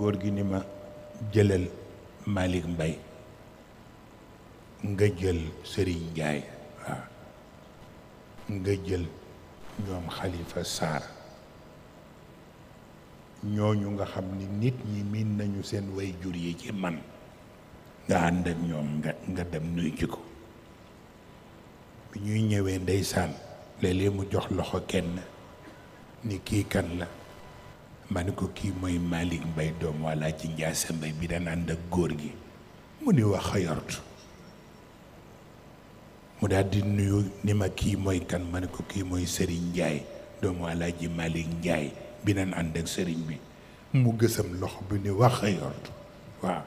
góor gi ni ma jëlal Malick mbay nga jël Serigne Ndiaye waaw nga jël ñoom Khalifa Sarr ñooñu nga xam ni nit ñi miin nañu seen way jur yi ci man nga ànd ñoom nga nga dem nuy ji ko bi ñuy ñëwee ndeysaan léeg-léeg mu jox loxo kenn ni kii kan la ma ne ko kii mooy Malick Mbaye doom walla ci njaase mbay bi daan ànd ak góor gi mu ni wax xayortu mu daldi nuyu ni ma kii mooy kan ma ne ko kii mooy Serigne Ndiaye doomu ji Malick Ndiaye bi nan ànd ak Serigne bi mu gësam loxo bu ni wax a yortu waaw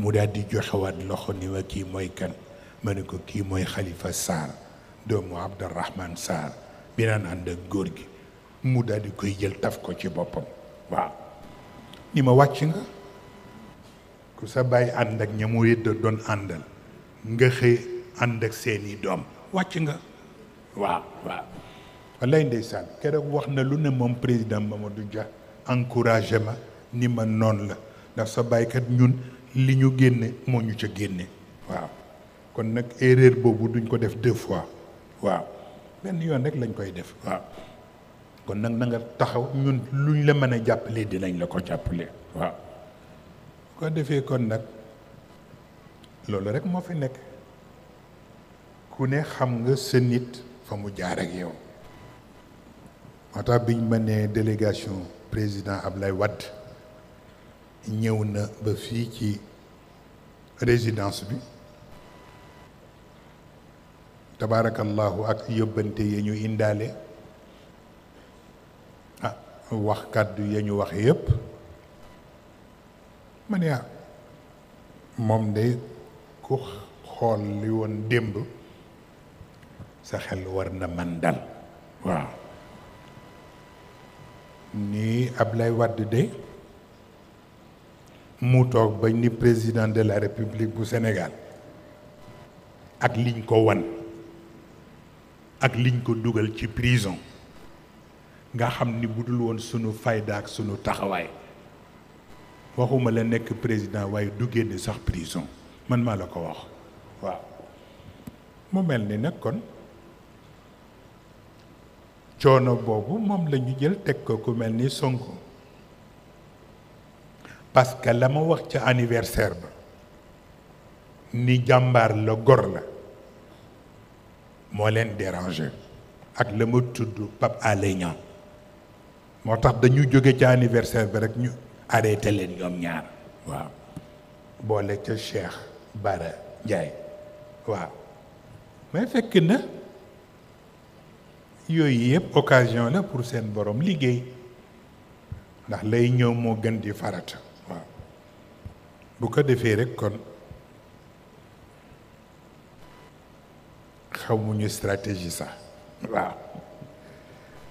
mu daal joxewaat loxo ni ma kii mooy kan ma ne ko kii mooy xalifa Sarr doomu Abdourahman Sarr bi nan ànd ak góor gi mu daal di koy jël taf ko ci boppam waaw ni ma wàcc nga ku sa baay ànd ak ña mu yëdda doon àndal nga xëy ànd ak seeni doom wàcc nga waaw waaw wallaay ndeysaan keroog wax na lu ne moom président du Dia encouragé ma ni ma noon la ndax sa baykat ñun li ñu génne moo ñu ca génne waaw kon nag erreur boobu duñ ko def deux fois waaw benn yoon rek lañ koy def waaw kon nak na nga taxaw ñun luñ la mën a jàppalee dinañ la ko jàppalee wa ko défé kon nak loolu rek mo fi nek ku ne xam nga sa nit fa mu jaar ak yow moo tax biñ ma délégation président Ablay Wad ñëw na ba fi ci résidence bi tabarakallah ak yobante ye ñu indalé wax kàddu ya ñu wax yépp ma ne moom ku xol li won demb sa xel war na man dal waaw ni ablay wad de mu tok ba ni président de la république bu Sénégal ak liñ ko wan ak liñ ko dugal ci prison nga xam ni bu dul woon sunu fayda ak sunu taxawaay waxuma la nekk président waaye du génn sax prison man maa la ko wax waaw mu mel ni nag kon coono boobu moom la ñu jël teg ko ku mel ni Sonko parce que la ma wax ca anniversaire ba ni jàmbaar la gor la moo leen déranger ak la ma tudd pap Alé moo tax dañu jóge ca anniversaire bi rek ñu arrêté leen ñoom ñaar waaw boole ca Cheikh Bara Ndiaye waaw mais fekk na yooyu yëpp occasion la pour seen borom liggéey ndax lay ñëw moo gën di farata waaw bu ko defee rek kon xamuñu stratégie sax waaw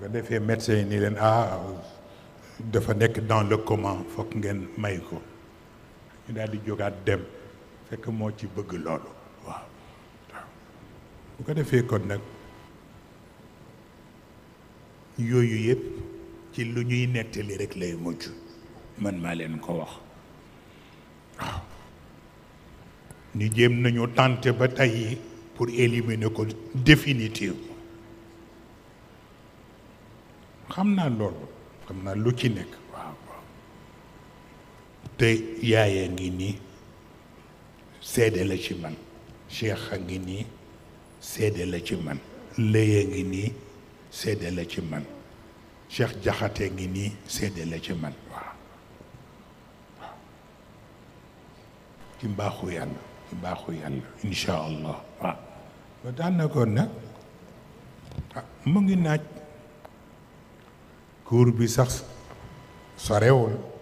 Il ko médecin médecins qui ah, dans le comment foog ngeen may ko Il di dem ci ko qu'ils ci lu ñuy rek lay mujj man ma leen ko wax ni jëm nañu tenter pour éliminer ko définitivement xam naa loolu xam naa lu ci nekk waaw waaw te yaaya ngi nii seede la ci man cheikh a ngi nii seede la ci man léya ngi nii seede la ci man cheikh jaxate ngi nii seede la ci man waaw ci mbaaxu yàlla ci mbaaxu yàlla incha allah waaw ah, mu ngi naaj cour bi sax sorewul